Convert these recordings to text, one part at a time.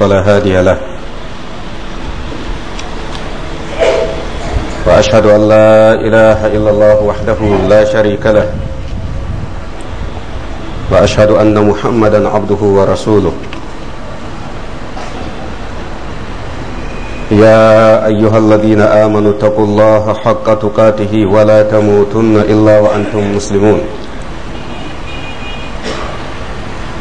فلا هادي له وأشهد أن لا إله إلا الله وحده لا شريك له وأشهد أن محمدا عبده ورسوله يا أيها الذين آمنوا اتقوا الله حق تقاته ولا تموتن إلا وأنتم مسلمون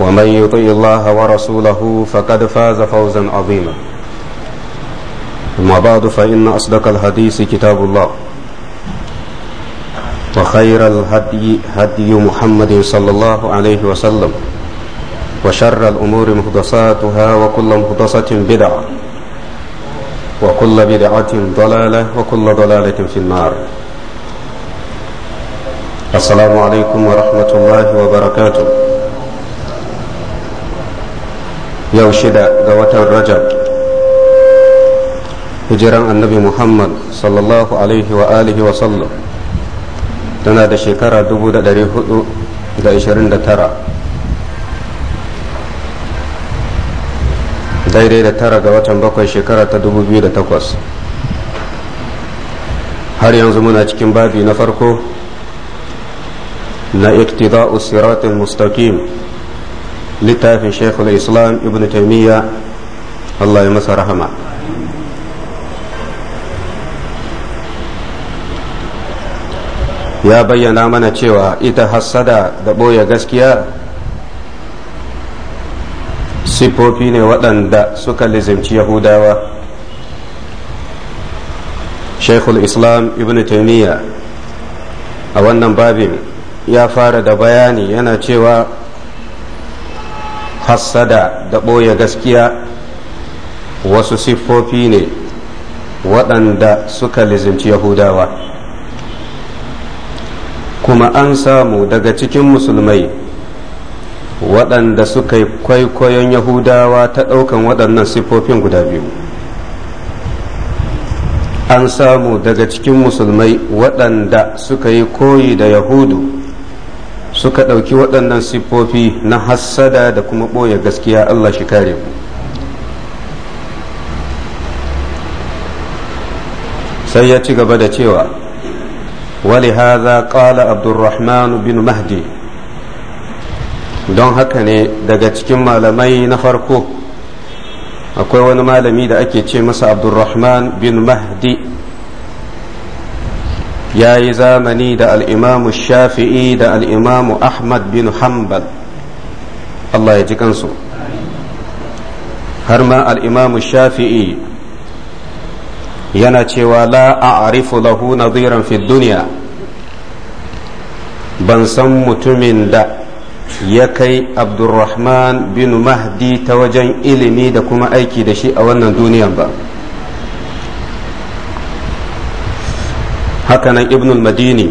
ومن يطع الله ورسوله فقد فاز فوزا عظيما أما بعد فإن أصدق الحديث كتاب الله وخير الهدي هدي محمد صلى الله عليه وسلم وشر الأمور محدثاتها وكل محدثة بدعة وكل بدعة ضلالة وكل ضلالة في النار السلام عليكم ورحمة الله وبركاته yau shida ga watan rajab hijiran annabi muhammad sallallahu alaihi wa alihi wa sallam tana da shekara 429 daidai da tara ga watan bakwai shekara ta 2008 har yanzu muna cikin babi na farko na iktida'u siratul mustaqim littafin shekul islam ibn taimiyya allah ya masa rahama ya bayyana mana cewa ita hassada da ɓoye gaskiya siffofi ne waɗanda suka lizimci yahudawa shekul islam ibn taimiyya a wannan babin ya fara da bayani yana cewa hassada da ɓoye gaskiya wasu siffofi ne waɗanda suka lizimci yahudawa kuma an samu daga cikin musulmai waɗanda suka yi kwaikwayon yahudawa ta ɗaukan waɗannan siffofin guda biyu an samu daga cikin musulmai waɗanda suka yi koyi da yahudu suka ɗauki waɗannan siffofi na hassada da kuma ɓoye gaskiya Allah shi kare mu sai ya ci gaba da cewa wali haza ƙala abdurrahman bin mahdi don haka ne daga cikin malamai na farko akwai wani malami da ake ce masa abdurrahman bin mahdi ya yi zamani da al'imamu shafi'i da al'imamu ahmad bin hanbal Allah ya ji kansu har ma al'imamu shafi'i yana cewa la a'arifu lahu nadiran fi duniya ban san mutumin da ya kai abdurrahman bin mahdi ta wajen ilimi da kuma aiki da shi a wannan duniyan ba. hakanan ibn al-madini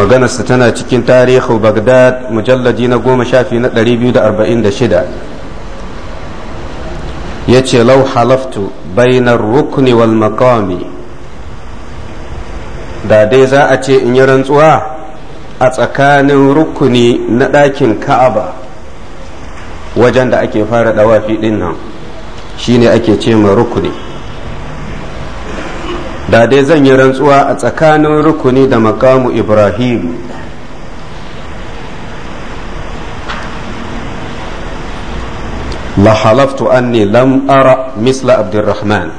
maganarsa tana cikin tarihu bagdad mujalladi na goma shafi na 246 ya ce lau halaftu bainar rukni wal makami da dai za a ce in yi rantsuwa a tsakanin rukuni na ɗakin ka'aba wajen da ake fara ɗawafi ɗin nan shine ake ce ma rukuni da dai zan yi rantsuwa a tsakanin rukuni da makamu ibrahim lahalaftu anni lam ara misla abdurrahman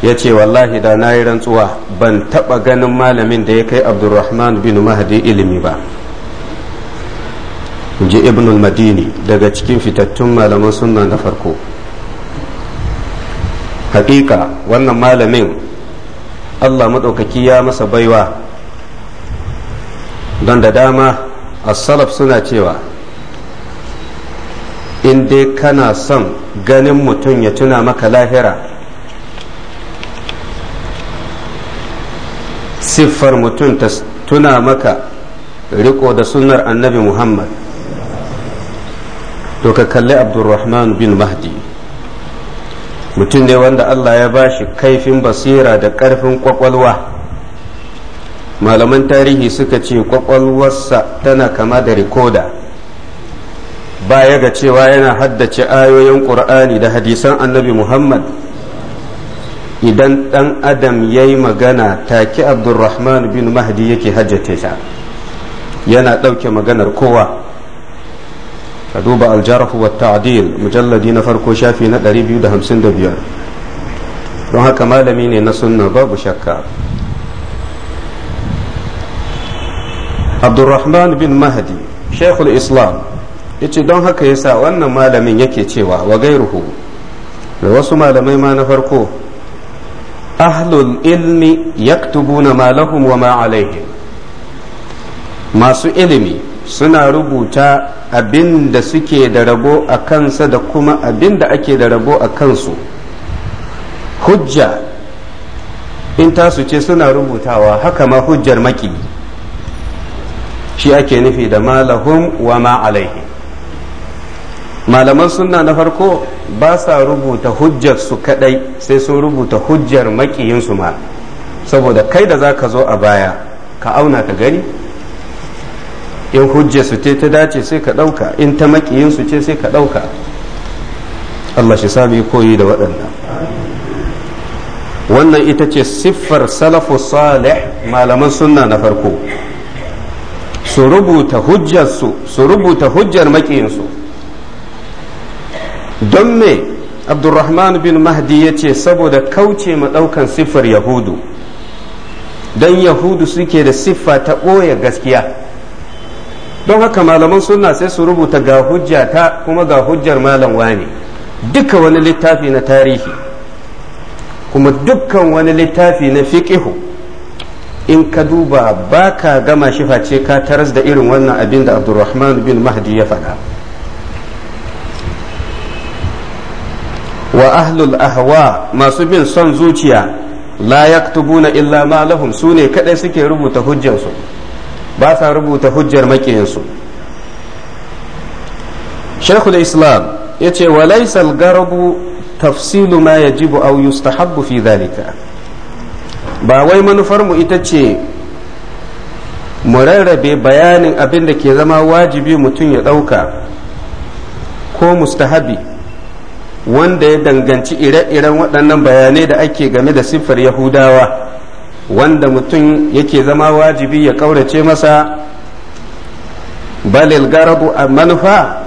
ya ce wallahi da na yi rantsuwa ban taɓa ganin malamin da ya kai abdurrahman bin mahdi ilimi ba ji ibn madini daga cikin fitattun malaman sunna da farko hakika wannan malamin Allah maɗaukaki ya masa baiwa don da dama as-salaf suna cewa in dai kana son ganin mutum ya tuna maka lahira siffar mutum ta tuna maka riko da sunar annabi muhammad to ka kalli abdulrahman bin mahdi mutum ne wanda Allah ya ba shi kaifin basira da ƙarfin kwakwalwa malaman tarihi suka ce kwakwalwarsa tana kama da rikoda baya ga cewa yana haddace ayoyin ƙur'ani da hadisan annabi muhammad idan ɗan adam ya yi magana take abdulrahman bin mahdi yake hajjata yana ɗauke maganar kowa ka duba aljarhu wa ta'dil mujalladi na farko shafi na 255 don haka malami ne na sunna babu shakka abdurrahman bin mahdi shekul islam ya don haka yasa wannan malamin yake cewa wa gairuhu da wasu malamai ma na farko ahlul ilmi yaktubuna ma lahum wa ma alaihim masu ilimi suna rubuta abin da suke da rabo a kansa da kuma abin da ake da rabo a kansu hujja in tasu ce suna rubutawa haka ma hujjar maki shi ake nufi da malahum wa ma malaman suna na farko ba sa rubuta hujjar su kadai sai sun rubuta hujjar makiyinsu ma saboda kai da za ka zo a baya ka auna ka gani in hujje su ce ta dace sai ka ɗauka in ta makiyin su ce sai ka ɗauka Allah shi sami koyi da waɗannan wannan ita ce siffar salafu salih malaman sunna na farko su rubuta hujjarsu su rubuta hujjar makiyinsu don me abdurrahman bin mahdi ya ce saboda kauce ma ɗaukan siffar yahudu don yahudu suke da siffa ta ɓoye gaskiya don haka malaman sunna sai su rubuta ga hujja ta kuma ga hujjar malam wani duka wani littafi na tarihi kuma dukkan wani littafi na fiqihu in ka duba ba ka gama shi face ka taras da irin wannan abin da abdulrahman bin mahdi ya faɗa wa ahlul ahwa masu bin son zuciya la yaktubuna illa ma lahum su ne kadai suke rubuta hujjansu ba sa rubuta hujjar maƙiyinsu shekul islam ya ce wa laisal garabu tafsilu ma yajibu aw yustahabbu fi zalika ba wai manufarmu ita ce mu rarrabe bayanin abin da ke zama wajibi mutum ya ɗauka ko mustahabi wanda ya danganci ire-iren waɗannan bayanai da ake game da siffar yahudawa wanda mutum yake zama wajibi ya kaurace masa balil garabu a manufa